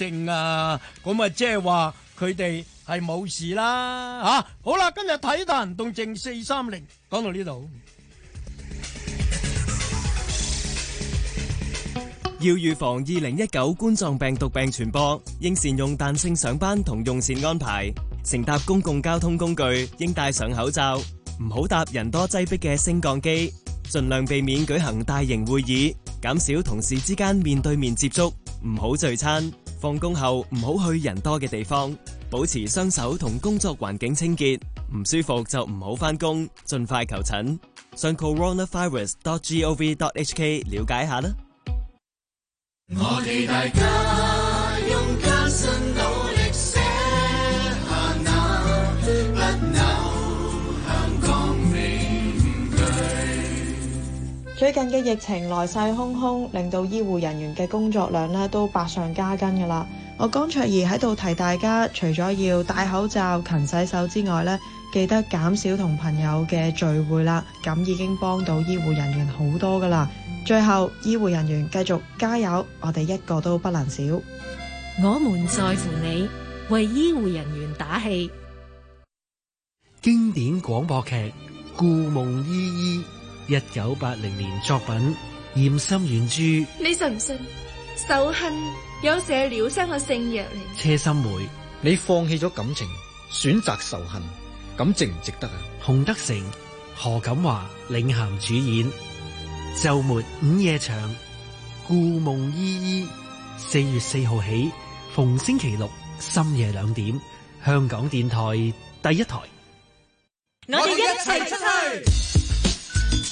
正啊，咁啊，即係話佢哋係冇事啦吓。好啦，今日睇彈動靜四三零，講到呢度。要預防二零一九冠狀病毒病傳播，應善用彈性上班同用膳安排。乘搭公共交通工具應戴上口罩，唔好搭人多擠迫嘅升降機，盡量避免舉行大型會議，減少同事之間面對面接觸，唔好聚餐。放工後唔好去人多嘅地方，保持雙手同工作環境清潔。唔舒服就唔好翻工，盡快求診。上 coronavirus.gov.hk 了解下啦。最近嘅疫情來勢洶洶，令到醫護人員嘅工作量咧都百上加斤噶啦。我江卓怡喺度提大家，除咗要戴口罩、勤洗手之外咧，記得減少同朋友嘅聚會啦。咁已經幫到醫護人員好多噶啦。嗯、最後，醫護人員繼續加油，我哋一個都不能少。我們在乎你，為醫護人員打氣。經典廣播劇《故夢依依》。一九八零年作品，嚴沁原著，你信唔信？仇恨有時係療傷嘅聖藥嚟。車心梅，你放棄咗感情，選擇仇恨，咁值唔值得啊？洪德成、何錦華領銜主演，周末午夜場《故夢依依》，四月四號起，逢星期六深夜兩點，香港電台第一台。我哋一齊出去。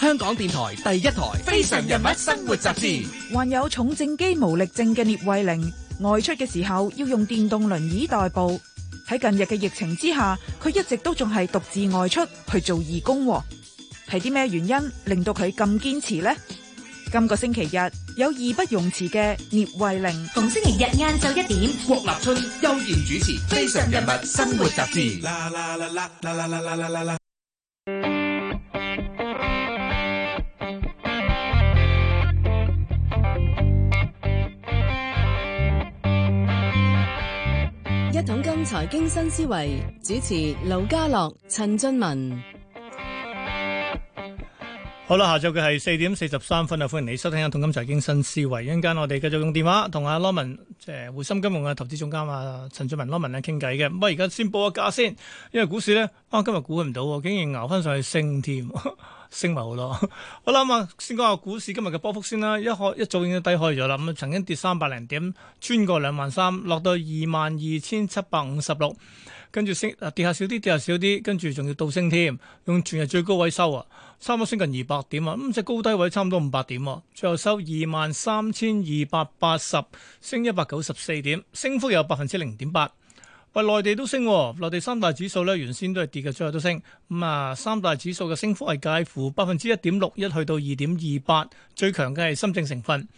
香港電台第一台《非常人物生活雜誌》，患有重症肌無力症嘅聶慧玲外出嘅時候要用電動輪椅代步。喺近日嘅疫情之下，佢一直都仲係獨自外出去做義工。係啲咩原因令到佢咁堅持咧？今個星期日有義不容辭嘅聶慧玲，逢星期日晏晝一點，郭立春、悠然主持《非常人物生活雜誌》啦。啦。啦啦啦啦啦財經新思維主持：劉家樂、陳俊文。好啦，下晝嘅係四點四十三分啊！歡迎你收聽《一桶金之財經新思維》。一陣間我哋繼續用電話同阿羅文，即係匯豐金融嘅投資總監阿陳俊文羅文咧傾偈嘅。咁啊，而家先報個價先，因為股市咧，啊今日估唔到，竟然熬翻上去升添， 升埋了很 好多。好啦，咁啊，先講下股市今日嘅波幅先啦。一開一早已經低開咗啦，咁曾經跌三百零點，穿過兩萬三，落到二萬二千七百五十六。跟住升，啊跌下少啲，跌下少啲，跟住仲要倒升添，用全日最高位收啊，差唔多升近二百點啊，咁即高低位差唔多五百點啊，最後收二萬三千二百八十，升一百九十四點，升幅有百分之零點八，話內地都升，內地三大指數咧原先都係跌嘅，最後都升，咁啊三大指數嘅升幅係介乎百分之一點六一去到二點二八，最強嘅係深證成分。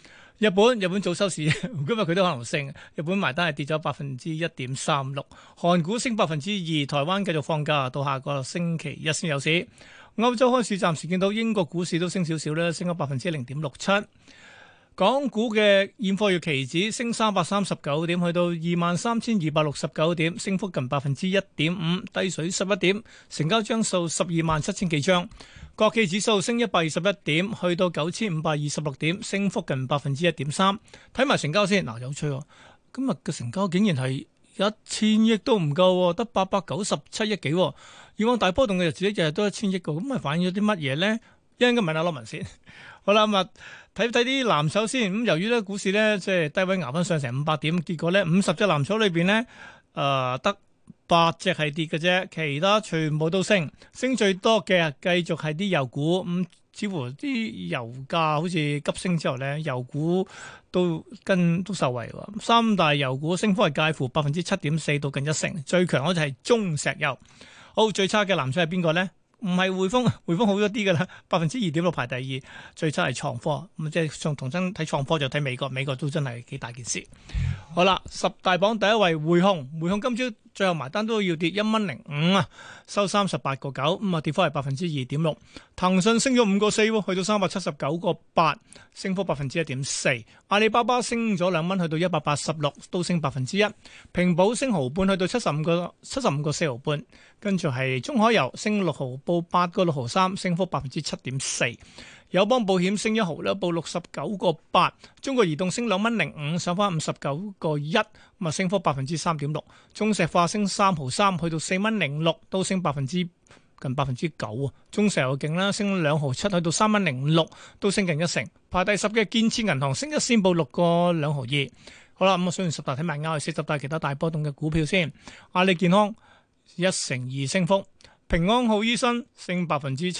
日本日本早收市，今日佢都可能升。日本埋單係跌咗百分之一點三六。韓股升百分之二，台灣繼續放假，到下個星期一先有市。歐洲開市，暫時見到英國股市都升少少咧，升咗百分之零點六七。港股嘅現貨月期指升三百三十九點，去到二萬三千二百六十九點，升幅近百分之一點五，低水十一點，成交張數十二萬七千幾張。國企指數升一百二十一點，去到九千五百二十六點，升幅近百分之一點三。睇埋成交先，嗱，有趣喎、哦，今日嘅成交竟然係一千億都唔夠、哦，得八百九十七億幾。以往大波動嘅日子呢，日日都一千億噶，咁係反映咗啲乜嘢咧？一陣間問下羅文先。好啦，咁啊睇睇啲藍籌先。咁由於咧股市咧即係低位捱翻上成五百點，結果咧五十隻藍籌裏邊咧，誒、呃、得。八隻係跌嘅啫，其他全部都升，升最多嘅繼續係啲油股咁、嗯。似乎啲油價好似急升之後咧，油股都跟都受惠喎。三大油股升幅係介乎百分之七點四到近一成，最強嗰隻係中石油。好，最差嘅藍籌係邊個咧？唔係匯豐，匯豐好咗啲㗎啦，百分之二點六排第二，最差係創科咁、嗯，即係同同真睇創科就睇美國，美國都真係幾大件事。好啦，十大榜第一位匯控，匯控今朝。最後埋單都要跌一蚊零五啊，收三十八個九，咁啊跌幅係百分之二點六。騰訊升咗五個四，去到三百七十九個八，升幅百分之一點四。阿里巴巴升咗兩蚊，去到一百八十六，都升百分之一。平保升毫半，去到七十五個七十五個四毫半。跟住係中海油升六毫，報八個六毫三，升幅百分之七點四。友邦保險升一毫啦，報六十九個八。中國移動升兩蚊零五，上返五十九個一，咁啊升幅百分之三點六。中石化升三毫三，去到四蚊零六，都升百分之近百分之九啊。中石油勁啦，升兩毫七，去到三蚊零六，都升近一成。排第十嘅建設銀行升一仙，報六個兩毫二。好啦，咁啊，數完十大睇埋啱，四十大其他大波動嘅股票先。阿里健康一成二升幅。平安好醫生升百分之七，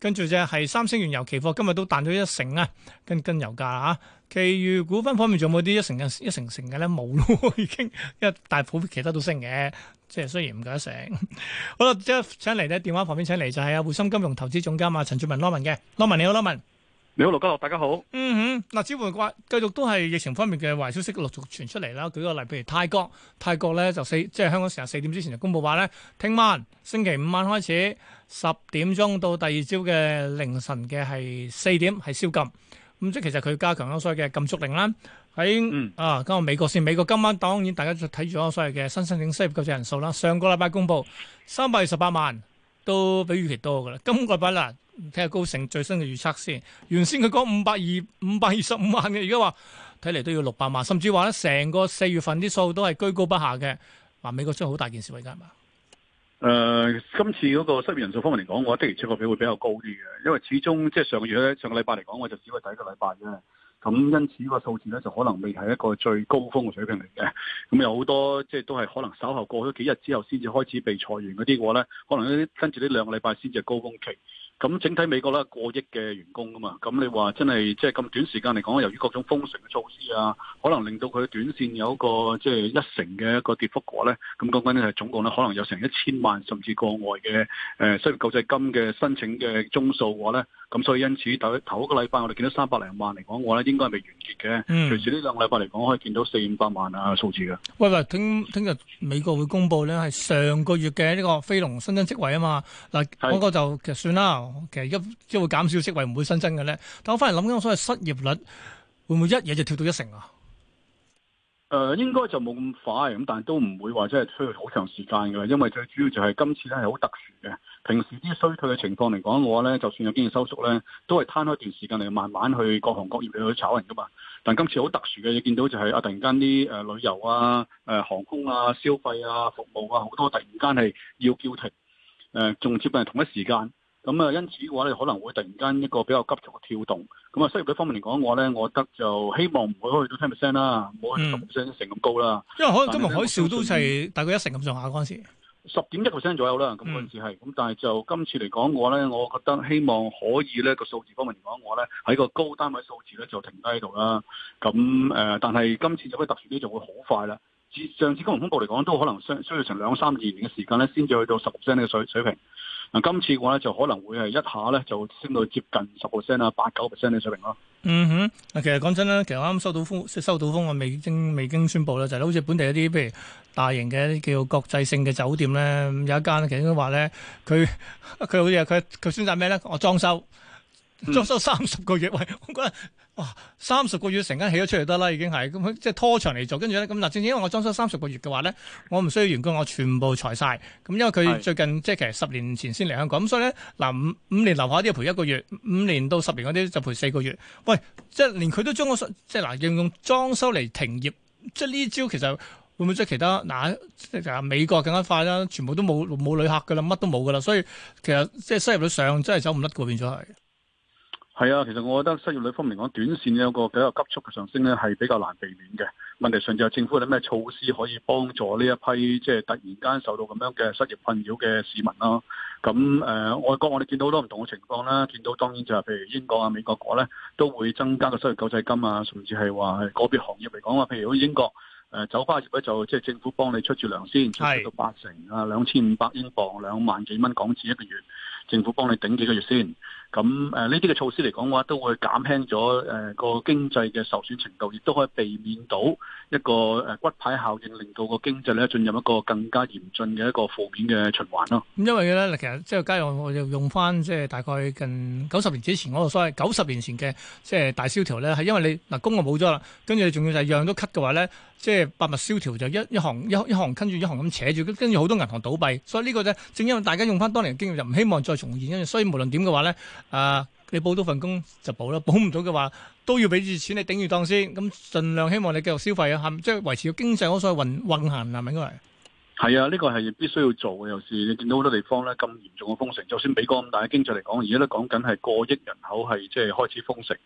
跟住就係三星原油期貨今日都彈咗一成啊，跟跟油價啊。其餘股份方面仲有冇啲一成一成成嘅咧？冇咯，已經，因為大股其他都升嘅，即係雖然唔夠一成。好啦，即刻請嚟咧電話旁邊，請嚟就係啊滬深金融投資總監啊陳俊文羅文，嘅羅文，你好羅文。你好，羅家樂，大家好。嗯哼，嗱，小胡嘅話，繼續都係疫情方面嘅壞消息陸續傳出嚟啦。舉個例，譬如泰國，泰國咧就四，即係香港時間四點之前就公布話咧，聽晚星期五晚開始十點鐘到第二朝嘅凌晨嘅係四點係宵禁。咁即係其實佢加強咗所有嘅禁足令啦。喺啊，講下美國先，美國今晚當然大家就睇住咗所有嘅新申請失業救濟人數啦。上個禮拜公布三百二十八萬，都比預期多㗎啦。今個禮拜啦。睇下高盛最新嘅預測先。原先佢講五百二五百二十五萬嘅，而家話睇嚟都要六百萬，甚至話咧成個四月份啲數都係居高不下嘅。話美國出好大件事而家係嘛？誒、呃，今次嗰個失業人數方面嚟講，我的而且確會比較高啲嘅，因為始終即係上個月咧，上個禮拜嚟講，我就只係第一個禮拜啫。咁因此個數字咧就可能未係一個最高峰嘅水平嚟嘅。咁有好多即係都係可能稍後過咗幾日之後，先至開始被裁員嗰啲嘅話咧，可能呢跟住呢兩個禮拜先至係高峰期。咁整體美國咧過億嘅員工㗎嘛，咁你話真係即係咁短時間嚟講，由於各種封城嘅措施啊，可能令到佢短線有一個即係、就是、一成嘅一個跌幅嘅話咧，咁講緊呢，係總共咧可能有成一千萬甚至過外嘅誒失業救濟金嘅申請嘅宗數嘅話咧，咁所以因此頭頭嗰個禮拜我哋見到三百零萬嚟講話咧，應該係未完結嘅，隨住呢兩個禮拜嚟講可以見到四五百萬啊數字嘅。喂喂，聽聽日美國會公佈咧係上個月嘅呢個非農新增職位啊嘛，嗱、那、嗰個就其實算啦。其 K，一即係會減少職位，唔會新增嘅咧。但我翻嚟諗緊，我所以失業率會唔會一嘢就跳到一成啊？誒、呃，應該就冇咁快咁，但係都唔會話即係拖好長時間嘅。因為最主要就係今次咧係好特殊嘅。平時啲衰退嘅情況嚟講嘅話咧，就算有經濟收縮咧，都係攤開段時間嚟慢慢去各行各業嚟去炒人噶嘛。但今次好特殊嘅，你見到就係啊，突然間啲誒旅遊啊、誒航空啊、消費啊、服務啊好多突然間係要叫停，誒、呃、仲接近係同一時間。咁啊，因此嘅話咧，可能會突然間一個比較急促嘅跳動。咁、嗯、啊，收入方面嚟講，我咧，我覺得就希望唔好去到十 percent 啦，唔好去到十 percent 一成咁高啦。因為可能是金融海嘯都係大概一成咁上下嗰陣時，十點一 percent 左右啦。咁嗰陣時係，咁但係就今次嚟講，我咧，我覺得希望可以咧、呢個數字方面嚟講，我咧喺個高單位數字咧就停低喺度啦。咁誒、呃，但係今次就可以特殊啲就會好快啦。之上次金融風暴嚟講，都可能相需要成兩三二年嘅時間咧，先至去到十 percent 嘅水水平。嗱，今次嘅話咧，就可能會係一下咧，就升到接近十個 percent 啊，八九 percent 嘅水平咯。嗯哼，嗱，其實講真啦，其實啱啱收到風，收到風我未經未經宣佈啦，就係、是、好似本地一啲，譬如大型嘅一啲叫國際性嘅酒店咧，有一間其實都話咧，佢佢好似啊，佢佢選擇咩咧？我裝修。裝、嗯、修三十個月，喂，我覺得，哇，三十個月成間起咗出嚟得啦，已經係咁即係拖長嚟做。跟住咧，咁嗱，正正因為我裝修三十個月嘅話咧，我唔需要員工，我全部裁晒。咁因為佢最近是即係其實十年前先嚟香港，咁所以咧嗱五五年樓下啲賠一個月，五年到十年嗰啲就賠四個月。喂，即係連佢都將我即係嗱用用裝修嚟停業，即係呢招其實會唔會即係其他嗱，呃、美國更加快啦，全部都冇冇旅客噶啦，乜都冇噶啦，所以其實即係收入上真係走唔甩噶，變咗係。係啊，其實我覺得失業率方面嚟講，短綫有一個比較急速嘅上升咧，係比較難避免嘅。問題上就係政府有啲咩措施可以幫助呢一批即係、就是、突然間受到咁樣嘅失業困擾嘅市民咯。咁、嗯、誒、呃，外國我哋見到好多唔同嘅情況啦，見到當然就係譬如英國啊、美國嗰咧，都會增加個失業救濟金啊，甚至係話係個別行業嚟講啊。譬如好似英國誒，酒、呃、吧業咧就即係、就是、政府幫你出住糧先，出到八成啊，兩千五百英鎊，兩萬幾蚊港紙一個月。政府幫你頂幾個月先，咁誒呢啲嘅措施嚟講嘅話，都會減輕咗誒個經濟嘅受損程度，亦都可以避免到一個誒骨牌效應，令到個經濟咧進入一個更加嚴峻嘅一個負面嘅循環咯。咁因為咧，其實即係加上我用翻即係大概近九十年之前嗰個所謂九十年前嘅即係大蕭條咧，係因為你嗱工就冇咗啦，跟住仲要就係樣樣都 cut 嘅話咧，即係百物蕭條就一行一行一一行跟住一行咁扯住，跟住好多銀行倒閉，所以個呢個咧正因為大家用翻當年經驗就唔希望再重現，所以無論點嘅話呢，啊，你報到份工就報啦，報唔到嘅話都要俾住錢你頂住檔先，咁盡量希望你繼續消費係係啊，即係維持個經濟嗰個運運行係咪應該係？係啊。呢個係必須要做嘅，有時你見到好多地方呢咁嚴重嘅封城，就算美國咁大嘅經濟嚟講，而家都講緊係過億人口係即係開始封城，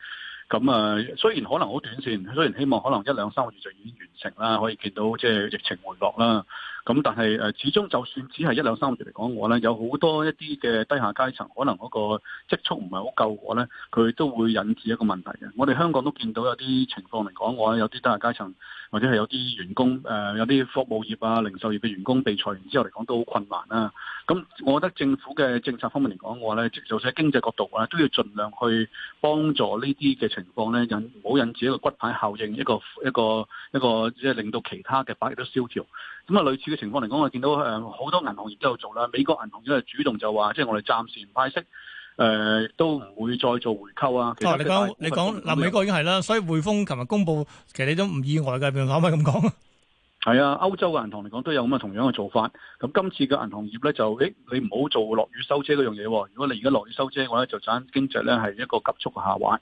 咁啊，雖然可能好短線，雖然希望可能一兩三個月就已經完成啦，可以見到即係疫情回落啦。咁但係誒，始終就算只係一兩三個月嚟講，我咧有好多一啲嘅低下階層，可能嗰個積蓄唔係好夠，我咧佢都會引致一個問題嘅。我哋香港都見到有啲情況嚟講，我咧有啲低下階層，或者係有啲員工誒、呃，有啲服務業啊、零售業嘅員工被裁完之後嚟講都好困難啦、啊。咁我覺得政府嘅政策方面嚟講，我咧，即使喺經濟角度啊，都要儘量去幫助呢啲嘅情況咧，引唔好引致一個骨牌效應，一個一個一個即係令到其他嘅牌亦都蕭條。咁啊，類似。情況嚟講，我見到誒好多銀行業都有做啦。美國銀行已經係主動就話，即係我哋暫時唔派息，誒、呃、都唔會再做回購啊。其實哦，你講你講，嗱，美國已經係啦，所以匯豐琴日公布，其實你都唔意外嘅，咪咁講。係啊，歐洲嘅銀行嚟講都有咁嘅同樣嘅做法。咁今次嘅銀行業咧就，誒你唔好做落雨收遮嗰樣嘢。如果你而家落雨收遮嘅話，我咧就等經濟咧係一個急速下滑。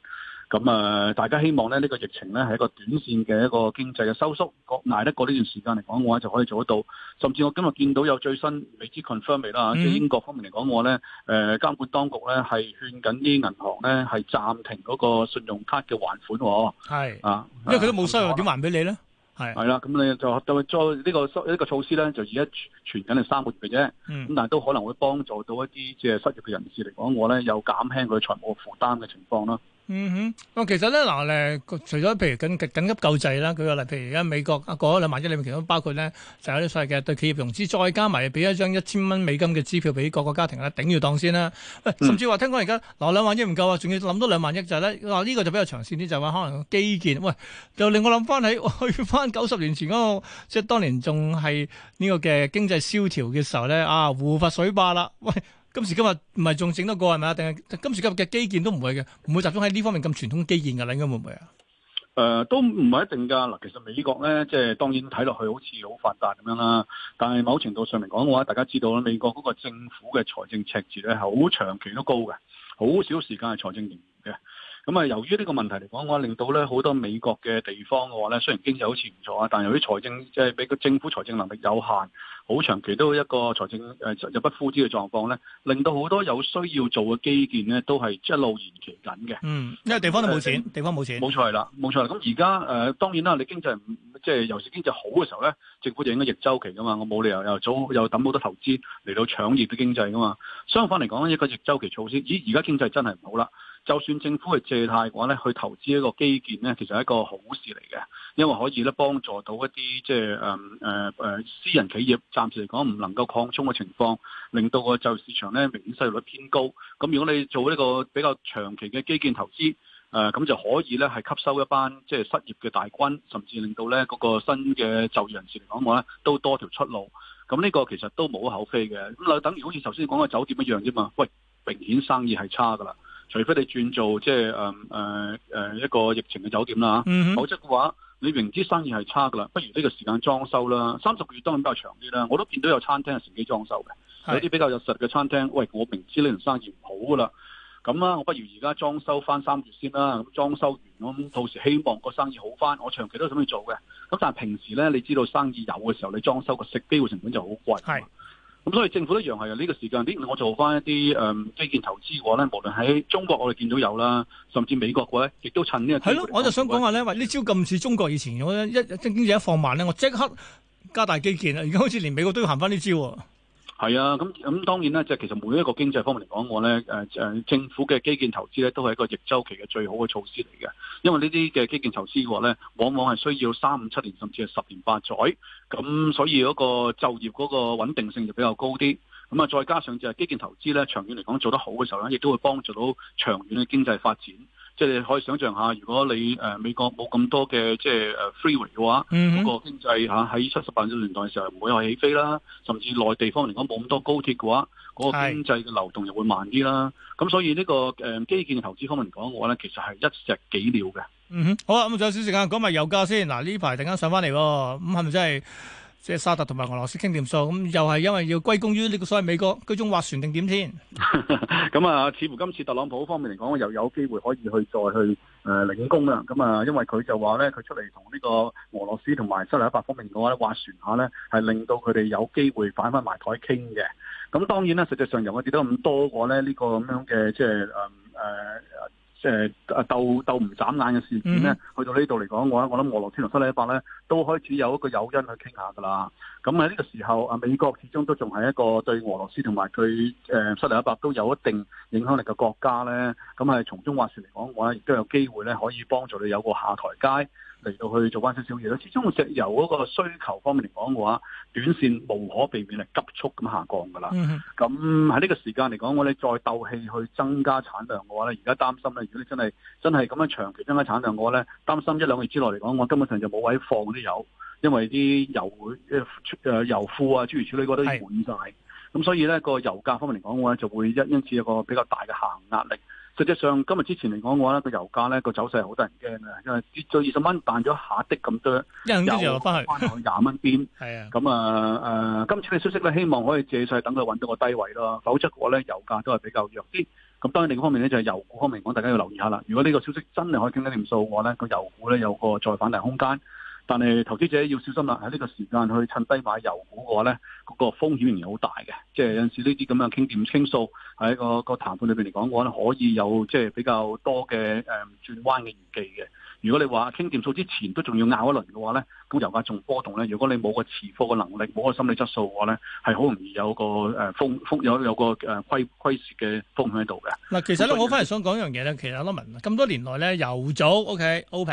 咁啊，大家希望咧，呢個疫情咧係一個短線嘅一個經濟嘅收縮，捱得過呢段時間嚟講嘅話，我就可以做得到。甚至我今日見到有最新未知 confirm 未啦，即係英國方面嚟講我咧，誒監管當局咧係勸緊啲銀行咧係暫停嗰個信用卡嘅還款。係是啊，因為佢都冇收入，點對還俾你咧？係係啦，咁你就就再呢、這個呢、這個措施咧，就而家存存緊係三個月嘅啫。咁、嗯、但係都可能會幫助到一啲即係失業嘅人士嚟講，我咧有減輕佢財務負擔嘅情況啦。嗯哼，我其實咧嗱，誒，除咗譬如緊緊急救濟啦，舉個例，譬如而家美國過咗兩萬億裏面其中包括咧就是、有啲所謂嘅對企業融資，再加埋俾一張一千蚊美金嘅支票俾各個家庭啦，頂住當先啦。嗯、甚至話聽講而家嗱兩萬億唔夠啊，仲要諗多兩萬億就係咧，嗱呢個就比較長線啲，就話、是、可能基建，喂，就令我諗翻起去翻九十年前嗰、那個即係當年仲係呢個嘅經濟蕭條嘅時候咧，啊，胡佛水壩啦，喂。今時今日唔係仲整得過，係咪啊？定係今時今日嘅基建都唔會嘅，唔會集中喺呢方面咁傳統基建噶啦，應該會唔會啊？誒、呃，都唔係一定噶嗱，其實美國咧，即係當然睇落去好似好發達咁樣啦，但係某程度上嚟講嘅話，大家知道啦，美國嗰個政府嘅財政赤字咧，好長期都高嘅，好少時間係財政盈餘嘅。咁啊，由於呢個問題嚟講嘅話，令到咧好多美國嘅地方嘅話咧，雖然經濟好似唔錯啊，但由於財政即係俾個政府財政能力有限，好長期都一個財政誒入、呃、不敷支嘅狀況咧，令到好多有需要做嘅基建咧，都係一路延期緊嘅。嗯，因為地方都冇錢，呃、地方冇錢。冇錯啦，冇錯啦。咁而家誒，當然啦，你經濟即係尤其是經濟好嘅時候咧，政府就應該逆周期噶嘛。我冇理由又早又抌好多投資嚟到搶熱嘅經濟噶嘛。相反嚟講一個逆周期措施，咦？而家經濟真係唔好啦。就算政府係借貸嘅話咧，去投資一個基建咧，其實係一個好事嚟嘅，因為可以咧幫助到一啲即係誒誒誒私人企業，暫時嚟講唔能夠擴充嘅情況，令到個就業市場咧明顯失業率偏高。咁如果你做呢個比較長期嘅基建投資，誒、呃、咁就可以咧係吸收一班即係、就是、失業嘅大軍，甚至令到咧嗰個新嘅就業人士嚟講話咧，都多條出路。咁呢個其實都無可厚非嘅。咁就等於好似頭先講嘅酒店一樣啫嘛。喂，明顯生意係差㗎啦。除非你轉做即係誒誒誒一個疫情嘅酒店啦，mm hmm. 否則嘅話你明知生意係差噶啦，不如呢個時間裝修啦，三十個月當然比較長啲啦。我都見到有餐廳係乘機裝修嘅，是有啲比較有實力嘅餐廳，喂，我明知呢輪生意唔好噶啦，咁啊，我不如而家裝修翻三月先啦。咁裝修完，咁到時希望個生意好翻，我長期都想去做嘅。咁但係平時呢，你知道生意有嘅時候，你裝修個食機會成本就好貴。咁所以政府一樣係呀呢個時間，啲我做翻一啲誒、嗯、基建投資嘅話咧，無論喺中國我哋見到有啦，甚至美國嘅話咧，亦都趁呢個係咯，我就想講下咧，喂，呢招咁似中國以前，嘅一經濟一放慢咧，我即刻加大基建呀。而家好似連美國都要行翻呢招喎。係啊，咁咁當然咧，就其實每一個經濟方面嚟講，我咧誒誒政府嘅基建投資咧，都係一個逆周期嘅最好嘅措施嚟嘅。因為呢啲嘅基建投資嘅話咧，往往係需要三五七年甚至係十年八載，咁所以嗰個就業嗰個穩定性就比較高啲。咁啊，再加上就係基建投資咧，長遠嚟講做得好嘅時候咧，亦都會幫助到長遠嘅經濟發展。即係你可以想象下，如果你誒、呃、美國冇咁多嘅即係誒、呃、freeway 嘅話，嗰、嗯、哼個經濟喺七十八年代嘅時候唔會有起飛啦。甚至內地方嚟講冇咁多高鐵嘅話，嗰、那個經濟嘅流動又會慢啲啦。咁、啊、所以呢、這個誒、呃、基建投資方面嚟講嘅話咧，其實係一石幾鳥嘅。嗯哼，好啊，咁仲有少少時間講埋油價先。嗱、啊，呢排突然間上翻嚟喎，咁係咪真係？即係沙特同埋俄羅斯傾掂數，咁又係因為要歸功於呢個所謂美國居中斡旋定點先。咁啊， 似乎今次特朗普方面嚟講，又有機會可以去再去誒、呃、領功啦。咁、嗯、啊，因為佢就話咧，佢出嚟同呢個俄羅斯同埋沙特方面嘅話斡旋下咧，係令到佢哋有機會反翻埋台傾嘅。咁、嗯、當然啦，實際上由我睇到咁多過呢、這個咧，呢個咁樣嘅即係誒誒。呃即係鬥鬥唔眨眼嘅事件咧，mm hmm. 去到呢度嚟講，我我諗俄羅斯同沙特阿拉伯咧都開始有一個誘因去傾下㗎喇。咁喺呢個時候，啊美國始終都仲係一個對俄羅斯同埋對誒沙特阿拉伯都有一定影響力嘅國家咧。咁係從中話事嚟講，我咧亦都有機會咧可以幫助你有個下台階。嚟到去做翻少少嘢咯，始終石油嗰個需求方面嚟講嘅話，短線無可避免係急速咁下降嘅啦。咁喺呢個時間嚟講，我哋再鬥氣去增加產量嘅話咧，而家擔心咧，如果你真係真係咁樣長期增加產量嘅話咧，擔心一兩個月之內嚟講，我根本上就冇位放啲油，因為啲油誒油庫啊諸如此類嗰啲都滿晒，咁是所以咧個油價方面嚟講嘅話，就會因因此有個比較大嘅下行壓力。實際上今日之前嚟講嘅話咧，個油價咧個走勢係好得人驚嘅，因為跌咗二十蚊，彈咗下跌咁多油，一又翻去翻去廿蚊邊。係啊， 咁啊誒，今次嘅消息咧，希望可以借勢等佢揾到個低位咯，否則嘅話咧，油價都係比較弱啲。咁當然另一方面咧，就係、是、油股方面講，大家要留意下啦。如果呢個消息真係可以傾得掂數嘅話咧，個油股咧有個再反彈空間。但係投資者要小心啦、啊！喺呢個時間去趁低買油股嘅話咧，嗰、那個風險仍然好大嘅。即係有陣時呢啲咁樣傾掂清數，喺個個談判裏邊嚟講，我咧可以有即係比較多嘅誒、嗯、轉彎嘅預期嘅。如果你話傾掂數之前都仲要拗一輪嘅話咧，咁、那個、油價仲波動咧。如果你冇個持貨嘅能力，冇個心理質素嘅話咧，係好容易有個誒風風有有個誒虧虧蝕嘅風險喺度嘅。嗱以，其實咧，我翻嚟想講一樣嘢咧，其實阿 Lam 咁多年來咧，油組。OK，O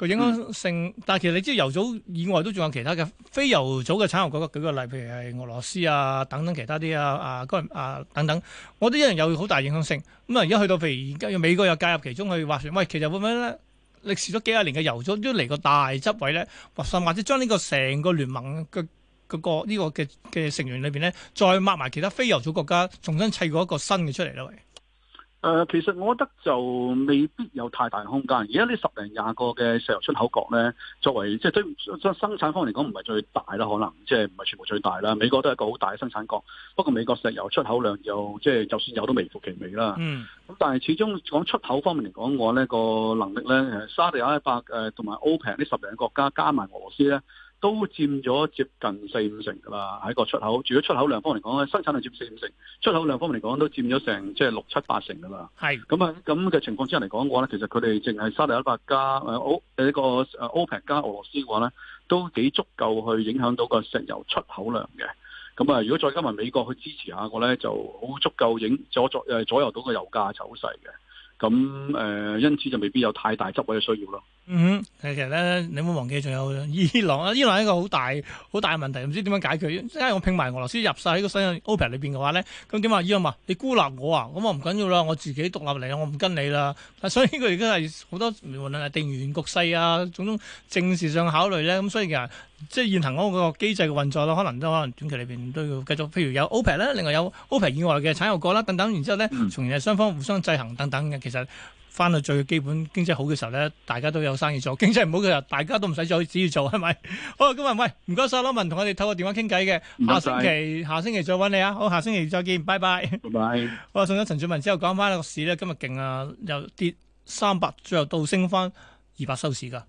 個影響性，嗯、但係其實你知道油組以外都仲有其他嘅非油組嘅產油國家，舉個例，譬如係俄羅斯啊，等等其他啲啊，啊嗰日啊等等，我哋一樣有好大影響性。咁啊，而家去到譬如而家美國又介入其中去話說，喂，其實會唔會咧？歷時咗幾廿年嘅油組都嚟個大執位咧，或甚或者將呢個成、這個聯盟嘅嗰個呢個嘅嘅成員裏邊咧，再抹埋其他非油組國家重新砌過一個新嘅出嚟咧？喂！誒、呃，其實我覺得就未必有太大空間。而家呢十零廿個嘅石油出口國呢，作為即係對生產方嚟講，唔係最大啦，可能即係唔係全部最大啦。美國都係一個好大嘅生產國，不過美國石油出口量又即係就算有都微乎其微啦。嗯，咁但係始終講出口方面嚟講，我呢個能力呢，沙地阿拉伯同埋歐平呢十零個國家加埋俄羅斯呢。都佔咗接近四五成噶啦，喺個出口。除咗出口量方面嚟講咧，生產量佔四五成，出口量方面嚟講都佔咗成即係六七八成噶啦。係咁啊，咁嘅、嗯、情況之下嚟講嘅話咧，其實佢哋淨係沙特阿拉伯加誒 O，有一個誒 OPEC、呃、加俄羅斯嘅話咧，都幾足夠去影響到個石油出口量嘅。咁、嗯、啊，如果再加埋美國去支持下我咧，就好足夠影左左誒左右到個油價走勢嘅。咁、嗯、誒、呃，因此就未必有太大執位嘅需要咯。嗯，其實咧，你冇忘記仲有伊朗啊！伊朗，伊朗係一個好大、好大問題，唔知點樣解決，因為我拼埋俄羅斯入晒呢個新嘅 OPEC 裏邊嘅話咧，咁點啊？伊朗嘛，你孤立我啊？咁我唔緊要啦，我自己獨立嚟，我唔跟你啦。但所以佢而家係好多無論係定員局勢啊，種種政治上考慮咧、啊，咁、嗯、所以其實即係現行嗰個機制嘅運作啦，可能都可能短期裏邊都要繼續，譬如有 OPEC 咧，另外有 OPEC 以外嘅產油國啦，等等，然之後咧，嗯、從而雙方互相制衡等等嘅，其實。翻到最基本，經濟好嘅時候咧，大家都有生意做；經濟唔好嘅時候，大家都唔使再自己做，係咪？好，咁啊，喂，唔該晒，攞文同我哋透過電話傾偈嘅，下星期下星期再揾你啊！好，下星期再見，拜拜。拜拜。好 送咗陳俊文之後，講翻個市咧，今日勁啊，又跌三百左右，最後倒升翻二百收市噶。